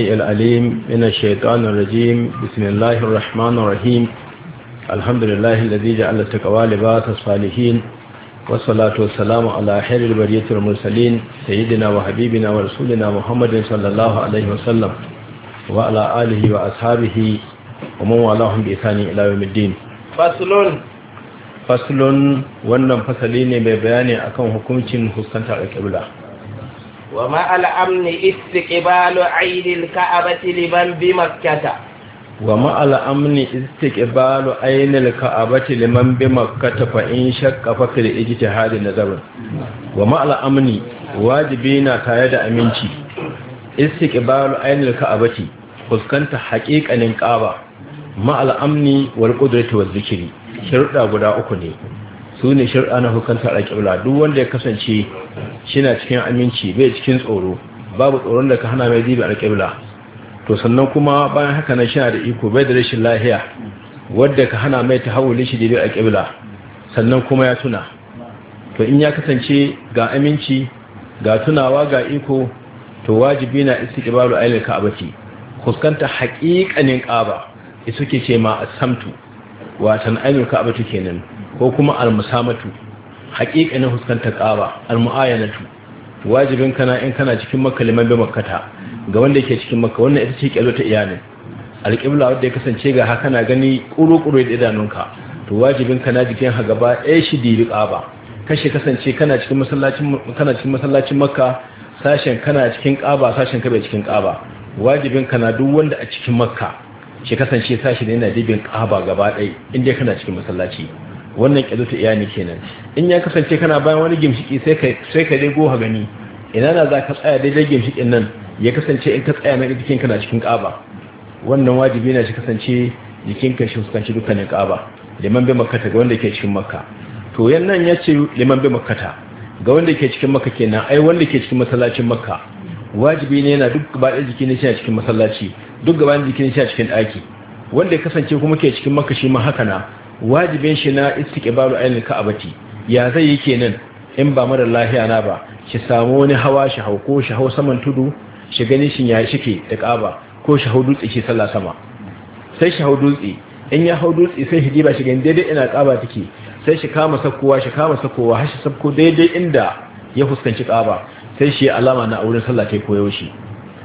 العليم من الشيطان الرجيم بسم الله الرحمن الرحيم الحمد لله الذي جعل التقوى لباس الصالحين والصلاة والسلام على خير البرية المرسلين سيدنا وحبيبنا ورسولنا محمد صلى الله عليه وسلم وعلى آله وأصحابه ومن والاهم بإحسان إلى يوم الدين فصل فصل wannan fasali ne mai bayani akan hukuncin huskantar alƙibla ومع الأمن استقبال عيد الكعبة لمن بمكة ومع الأمن استقبال عين الكعبة لمن بمكة فإن شك فكر اجتهاد نظر ومع الأمن واجبين تايد ka'abati, استقبال عين الكعبة فسكنت حقيقة الكعبة مع الأمن والقدرة والذكر شرطة guda uku ne su ne shir'a na hukunta ƙibla duk wanda ya kasance shina cikin aminci bai cikin tsoro babu tsoron da ka hana mai dibi alƙibla to sannan kuma bayan haka nan na da iko bai da rashin lahiya wadda ka hana mai ta tahawuli shi dibi alƙibla sannan kuma ya tuna to in ya kasance ga aminci ga tunawa ga iko to wajibi na istiqbalu ka ka'bati kuskanta haƙiƙanin ƙaba ke ce ma a samtu watan ka ka'batu kenan ko kuma almusamatu haƙiƙanin huskantar ƙaba Tu wajibin kana in kana cikin makka liman bi makkata ga wanda yake cikin makka wannan ita ce kyalo ta al alƙibla wanda ya kasance ga haka na gani ƙuro-ƙuro da idanunka to wajibin kana jikin ha gaba ɗaya shi diri ƙaba kashe kasance kana cikin masallacin kana cikin masallacin makka sashen kana cikin ƙaba sashen ka bai cikin ƙaba wajibin kana duk wanda a cikin makka shi kasance sashi ne yana dibin ƙaba gaba ɗaya inda kana cikin masallaci wannan ƙidu iya iyani kenan in ya kasance kana bayan wani gimshiki sai ka dai goha gani ina na za ka tsaya daidai gimshikin nan ya kasance in ka tsaya na jikinka na cikin ƙaba wannan wajibi na shi kasance jikinka shi fuskanci dukkanin ƙaba liman bai makata ga wanda ke cikin makka to yan nan ya ce liman bai makata ga wanda ke cikin makka kenan ai wanda ke cikin masallacin makka wajibi ne yana duk gaba ɗaya jiki shi a cikin masallaci duk gaba ɗaya jiki shi a cikin ɗaki wanda ya kasance kuma ke cikin makka shi ma haka na wajibin shi na istiqbalu ainul ka'abati ya zai yake nan in ba mara lahiya na ba shi samu wani hawa shi hau ko shi hau saman tudu shi gani shi ya shike da ƙaba, ko shi hau dutse shi sallah sama sai shi hau dutse in ya hau dutse sai shi jiba shi gani daidai ina ka'aba take sai shi kama sakkowa shi kama sakkowa har shi sabko daidai inda ya fuskanci ƙaba, sai shi alama na auren sallah kai koyaushe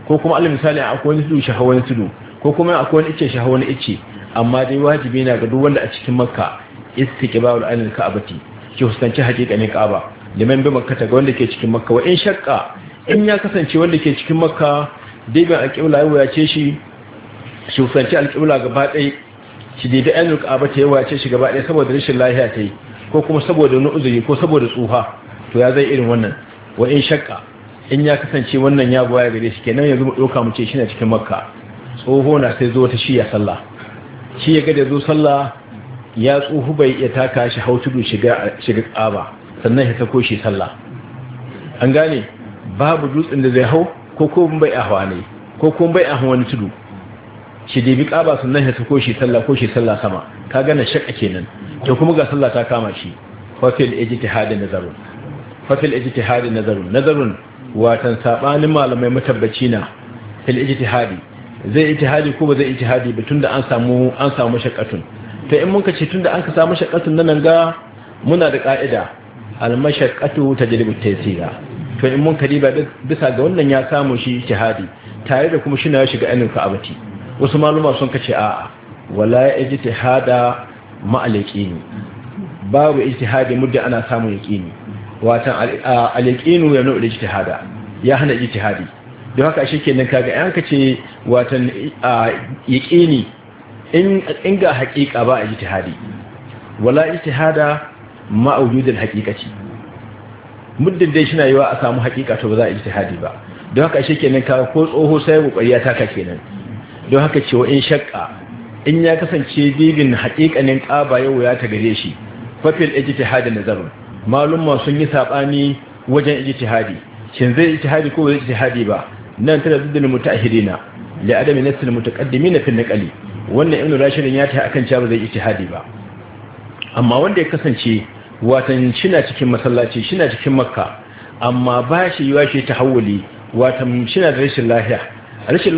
ko kuma alal misali akwai wani tudu shi hau wani tudu ko kuma akwai wani ice shi hau wani ice amma dai wajibi na ga duk wanda a cikin makka istiqbalul anil ka'bati ki husanci hakikanin ka'aba liman bi makka ta ga wanda ke cikin makka wa in shakka in ya kasance wanda ke cikin makka dai ban alƙibla ya ce shi shi husanci alqibla gaba ɗaya shi dai da anil ka'aba ta ya ce shi gaba ɗaya saboda rashin lafiya ta yi ko kuma saboda wani uzuri ko saboda tsufa to ya zai irin wannan wa in shakka in ya kasance wannan ya goya gare shi kenan yanzu mu doka mu ce shi na cikin makka tsoho na sai zo ta shi ya sallah shi ya ga zo sallah ya tsohu bai ya taka shi hau tudu shiga tsaba sannan ya sako shi sallah an gane babu dutsen da zai hau ko kuma bai a ne ko kuma bai a wani tudu shi dai bi ƙaba sannan ya sako shi sallah ko shi sallah sama ka gane shakka kenan to kuma ga sallah ta kama shi fafil ijtihadin nazarun fafil hadin nazarun nazarun watan saɓanin malamai matabbaci na fil hadin. zai ijtihadi ko ba zai ijtihadi ba tunda an samu an samu shaqatun to in mun ka ce tunda an ka samu shaqatun nan ga muna da ka'ida al mashaqqatu tajribu taysira to in mun ba bisa ga wannan ya samu shi ijtihadi tare da kuma shine ya shiga ainin ka'abati wasu maluma sun kace a'a wala ijtihada ma al babu ijtihadi mudda ana samu yaqini watan al-yaqinu ya nu'l ijtihada ya hana ijtihadi don haka shi kenan kaga yan ka ce watan yaƙini in ga haƙiƙa ba a ijtihadi wala ijtihada ma wujudul muddin dai shi na yiwa a samu haƙiƙa to ba za a ijtihadi ba don haka shi kenan kaga ko tsoho sai kokari ya taka kenan don haka cewa in shakka in ya kasance bibin haƙiƙanin ƙaba yau ya ta gare shi fafil ijtihadi nazarin. malumma sun yi saɓani wajen ijtihadi shin zai ijtihadi ko bai ijtihadi ba nan tana ziddin mutahidina da adami nasil mutaqaddimina fin naqli wannan ibnu rashirin ya ta akan cewa zai ijtihadi ba amma wanda ya kasance watan shina cikin masallaci shina cikin makka amma ba shi yiwa shi tahawuli watan shina da rashin lafiya rashin